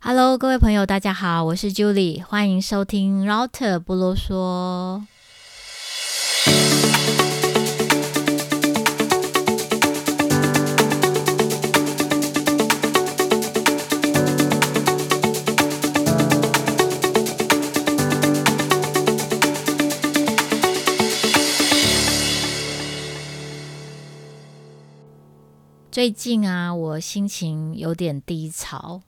Hello，各位朋友，大家好，我是 Julie，歡迎收聽 Router 不囉嗦。最近啊，我心情有點低潮。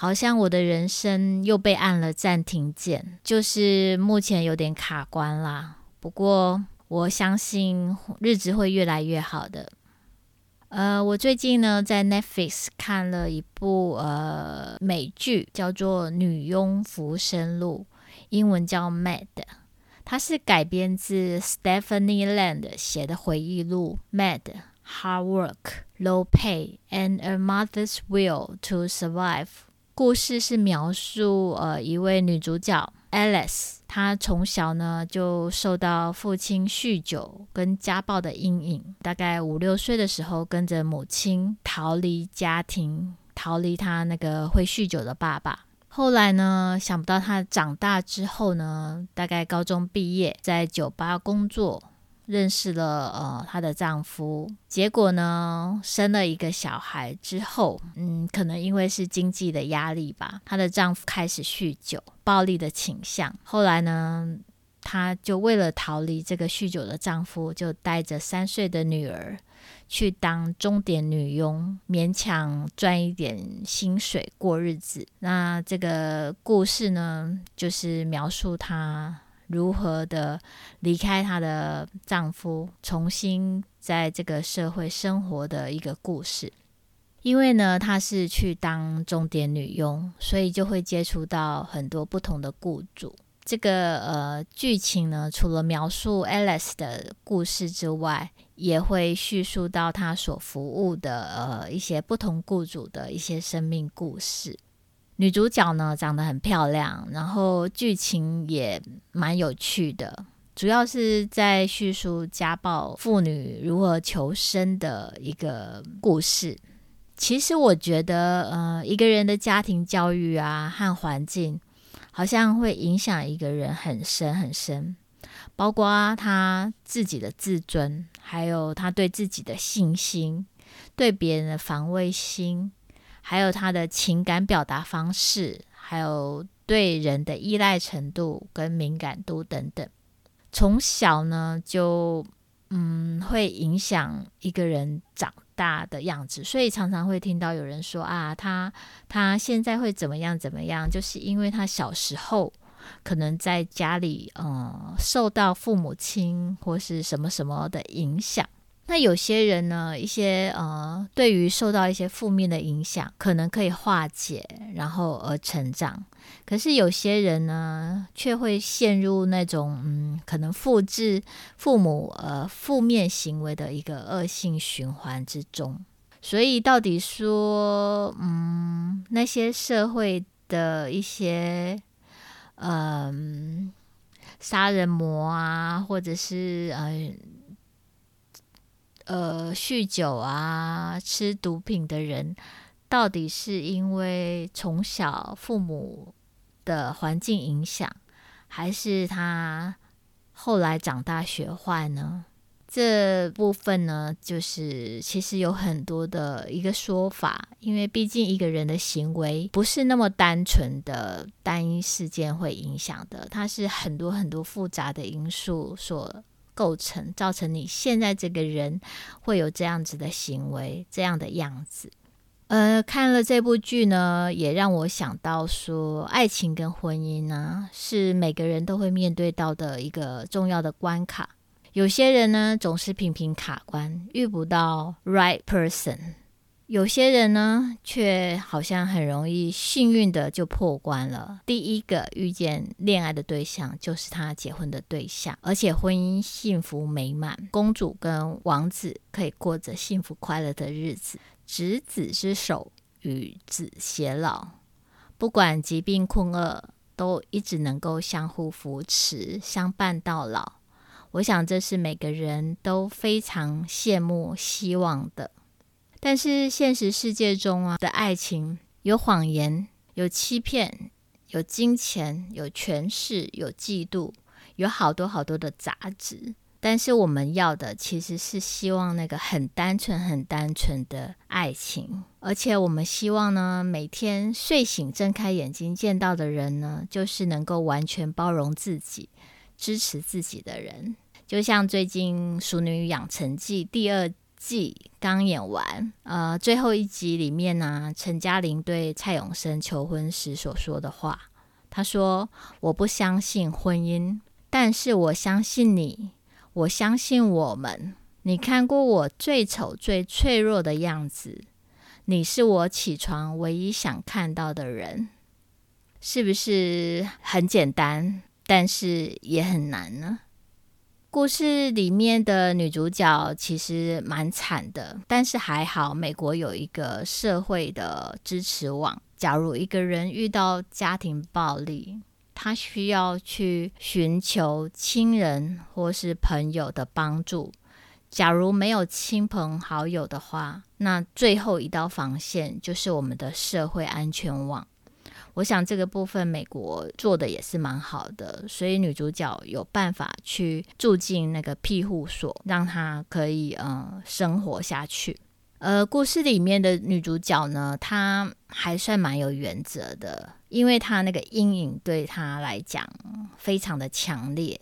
好像我的人生又被按了暫停鍵，就是目前有點卡關啦。不過我相信日子會越來越好的。呃，我最近呢在 Netflix 看了一部呃美劇，叫做《女傭浮生錄》，英文叫《Maid》。它是改編自 Stephanie Land 寫的回憶錄，《Maid》：Hard Work, Low Pay, and a Mother's Will to Survive。故事是描述呃一位女主角 Alex，她從小呢就受到父親酗酒跟家暴的陰影，大概五六歲的時候跟着母親逃離家庭，逃離她那個會酗酒的爸爸。後來呢，想不到她長大之後呢，大概高中畢業，在酒吧工作。認識了呃她的丈夫，結果呢，生了一個小孩之後，嗯，可能因為是經濟的壓力吧，她的丈夫開始酗酒、暴力的傾向。後來呢，她就為了逃離這個酗酒的丈夫，就帶着三歲的女兒去當鐘點女傭，勉強賺一點薪水過日子。那這個故事呢，就是描述她。如何的離開她的丈夫，重新在這個社會生活的一個故事。因為呢，她是去當鐘點女傭，所以就會接觸到很多不同的雇主。這個呃劇情呢，除了描述 Alice 的故事之外，也會敘述到她所服務的呃一些不同雇主的一些生命故事。女主角呢長得很漂亮，然後劇情也蠻有趣的，主要是在敘述家暴婦女如何求生的一個故事。其實我覺得，呃，一個人的家庭教育啊和環境，好像會影響一個人很深很深，包括他自己的自尊，還有他對自己的信心，對別人的防衛心。還有他的情感表達方式，還有對人的依賴程度跟敏感度等等，從小呢就嗯會影響一個人長大的樣子，所以常常會聽到有人說啊，他他現在會怎麼樣怎麼樣，就是因為他小時候可能在家裡嗯受到父母親或是什麼什麼的影響。那有些人呢，一些呃，對於受到一些負面的影響，可能可以化解，然後而成長。可是有些人呢，卻會陷入那種嗯，可能複製父母呃負面行為的一個惡性循環之中。所以，到底說，嗯，那些社會的一些嗯，殺人魔啊，或者是呃，嗯呃，酗酒啊，吃毒品的人，到底是因為從小父母的環境影響，還是他後來長大學壞呢？這部分呢，就是其實有很多的一個說法，因為畢竟一個人的行為不是那麼單純的單一事件會影響的，它是很多很多複雜的因素所構成，造成你現在這個人會有這樣子的行為，這樣的樣子。呃，看了這部劇呢，也讓我想到說，愛情跟婚姻呢，是每個人都會面對到的一個重要的關卡。有些人呢，總是頻頻卡關，遇不到 right person。有些人呢，卻好像很容易幸運的就破關了。第一個遇見戀愛的對象就是他結婚的對象，而且婚姻幸福美滿，公主跟王子可以過着幸福快樂的日子，執子之手，與子偕老。不管疾病困厄，都一直能夠相互扶持，相伴到老。我想這是每個人都非常羨慕、希望的。但是現實世界中啊的愛情有謊言，有欺騙，有金錢，有權勢，有嫉妒，有好多好多的雜質。但是我們要的其實是希望那個很單純、很單純的愛情，而且我們希望呢，每天睡醒睜開眼睛見到的人呢，就是能夠完全包容自己、支持自己的人。就像最近《熟女養成記》第二記剛演完，呃，最後一集裡面呢、啊，陳嘉玲對蔡永生求婚時所說的話，她說：“我不相信婚姻，但是我相信你，我相信我們。你看過我最醜、最脆弱的樣子，你是我起床唯一想看到的人，是不是很簡單，但是也很難呢？”故事裡面的女主角其實蠻慘的，但是還好美國有一個社會的支持網。假如一個人遇到家庭暴力，他需要去尋求親人或是朋友的幫助。假如沒有親朋好友的話，那最後一道防線就是我們的社會安全網。我想這個部分美國做的也是蠻好的，所以女主角有辦法去住進那個庇護所，讓她可以呃生活下去。呃，故事裡面的女主角呢，她還算蠻有原則的，因為她那個陰影對她來講非常的強烈，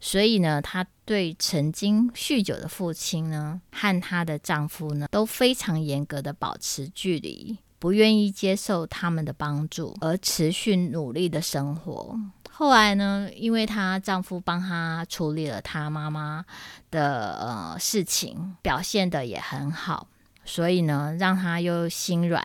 所以呢，她對曾經酗酒的父親呢和她的丈夫呢都非常嚴格的保持距離。不願意接受他們的幫助而持續努力的生活。後來呢，因為她丈夫幫她處理了她媽媽的呃事情，表現得也很好，所以呢，讓她又心軟，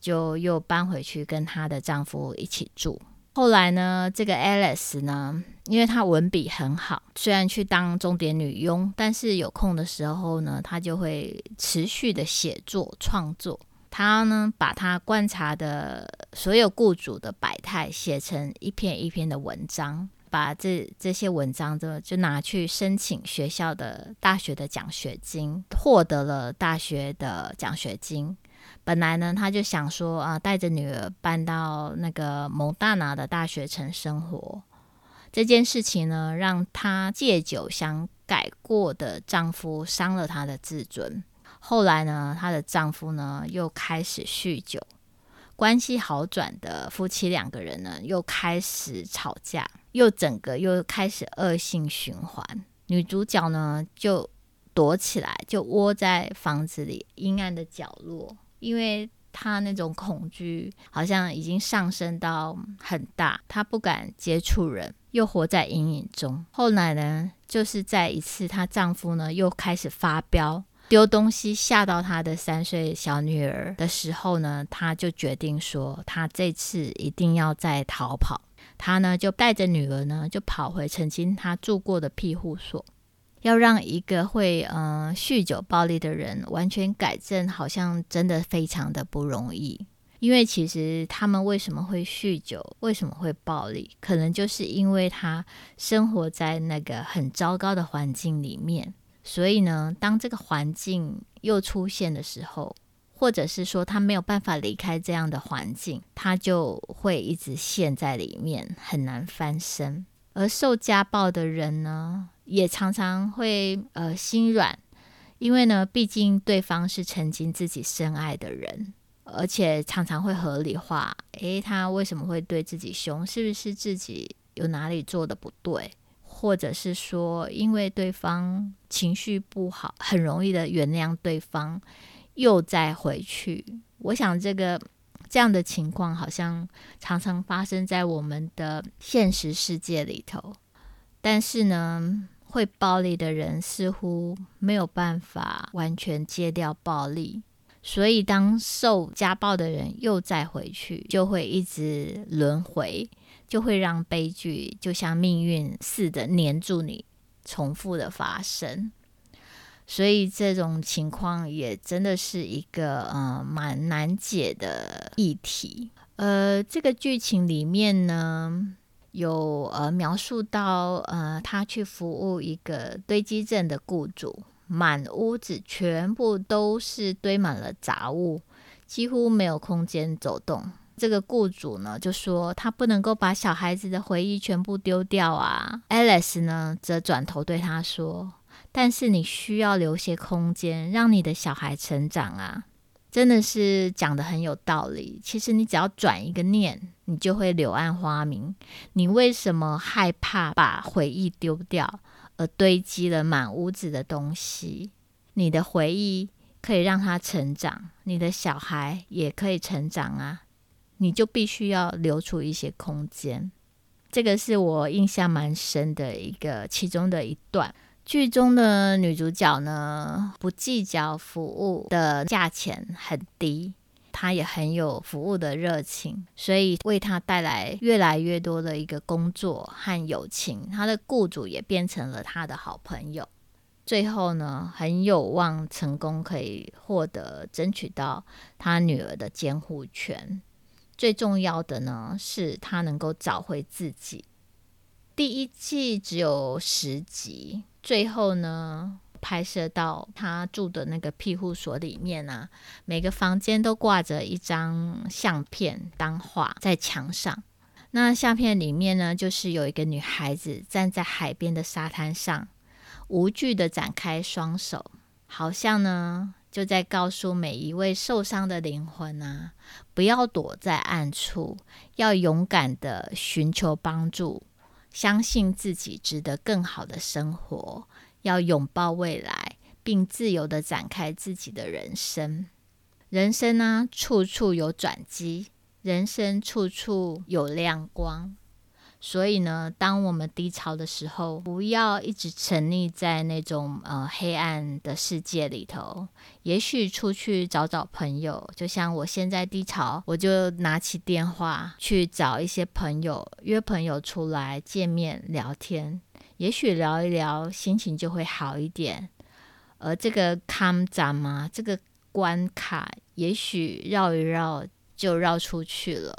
就又搬回去跟她的丈夫一起住。後來呢，這個 Alex 呢，因為她文筆很好，雖然去當鐘點女傭，但是有空的時候呢，她就會持續地寫作創作。他呢，把他觀察的所有雇主的百態寫成一篇一篇的文章，把這這些文章就就拿去申請學校的大學的獎學金，獲得了大學的獎學金。本來呢，他就想說啊、呃，帶着女兒搬到那個蒙大拿的大學城生活。這件事情呢，讓他戒酒想改過的丈夫傷了他的自尊。後來呢，她的丈夫呢又開始酗酒，關係好轉的夫妻兩個人呢又開始吵架，又整個又開始惡性循環。女主角呢就躲起來，就窩在房子裡陰暗的角落，因為她那種恐懼好像已經上升到很大，她不敢接觸人，又活在陰影中。後來呢，就是在一次她丈夫呢又開始發飆。丟東西嚇到他的三歲小女兒的時候呢，他就決定說，他這次一定要再逃跑。他呢就帶着女兒呢就跑回曾經他住過的庇護所。要讓一個會嗯、呃、酗酒暴力的人完全改正，好像真的非常的不容易。因為其實他們為什麼會酗酒，為什麼會暴力，可能就是因為他生活在那個很糟糕的環境裡面。所以呢，當這個環境又出現的時候，或者是說他沒有辦法離開這樣的環境，他就會一直陷在裡面，很難翻身。而受家暴的人呢，也常常會呃心軟，因為呢，畢竟對方是曾經自己深愛的人，而且常常會合理化，誒，他為什麼會對自己兇？是不是自己有哪裡做的不對？或者是說，因為對方情緒不好，很容易的原諒對方，又再回去。我想這個，這樣的情況好像常常發生在我們的現實世界裡頭。但是呢，會暴力的人似乎沒有辦法完全戒掉暴力，所以當受家暴的人又再回去，就會一直輪回。就會讓悲劇就像命運似的黏住你重複的發生。所以這種情況也真的是一個呃蠻難解的議題。呃，這個劇情裡面呢，有呃描述到呃他去服務一個堆積症的雇主，滿屋子全部都是堆滿了雜物，幾乎沒有空間走動。這個雇主呢，就說他不能夠把小孩子的回憶全部丟掉啊。Alex 呢，則轉頭對他說：“但是你需要留些空間，讓你的小孩成長啊。”真的是講得很有道理。其實你只要轉一個念，你就會柳暗花明。你為什麼害怕把回憶丟掉，而堆積了滿屋子的東西？你的回憶可以讓他成長，你的小孩也可以成長啊。你就必須要留出一些空間，這個是我印象蠻深的一個其中的一段。劇中的女主角呢，不計較服務的價錢很低，她也很有服務的熱情，所以為她帶來越來越多的一個工作和友情。她的僱主也變成了她的好朋友，最後呢，很有望成功可以獲得爭取到她女兒的監護權。最重要的呢，是他能夠找回自己。第一季只有十集，最後呢，拍攝到他住的那個庇護所裡面呢、啊，每個房間都掛着一張相片當畫在牆上。那相片裡面呢，就是有一個女孩子站在海邊的沙灘上，無懼地展開雙手，好像呢。就在告訴每一位受傷的靈魂啊，不要躲在暗處，要勇敢地尋求幫助，相信自己值得更好的生活，要擁抱未來，並自由地展開自己的人生。人生呢、啊，處處有轉機，人生處處有亮光。所以呢，當我們低潮的時候，不要一直沉溺在那種呃黑暗的世界裡頭。也許出去找找朋友，就像我現在低潮，我就拿起電話去找一些朋友，約朋友出來見面聊天。也許聊一聊，心情就會好一點。而這個坎障嘛，這個關卡，也許繞一繞就繞出去了。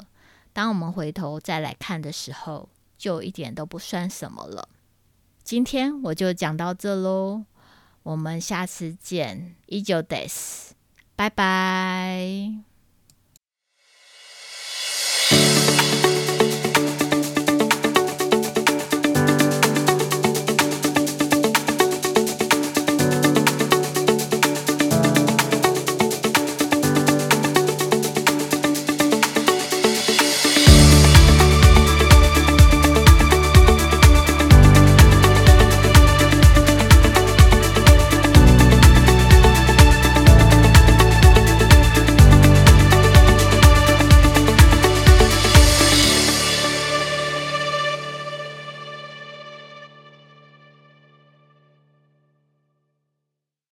當我們回頭再來看的時候，就一點都不算什麼了。今天我就講到這嘍，我們下次見。依舊 Days，拜拜。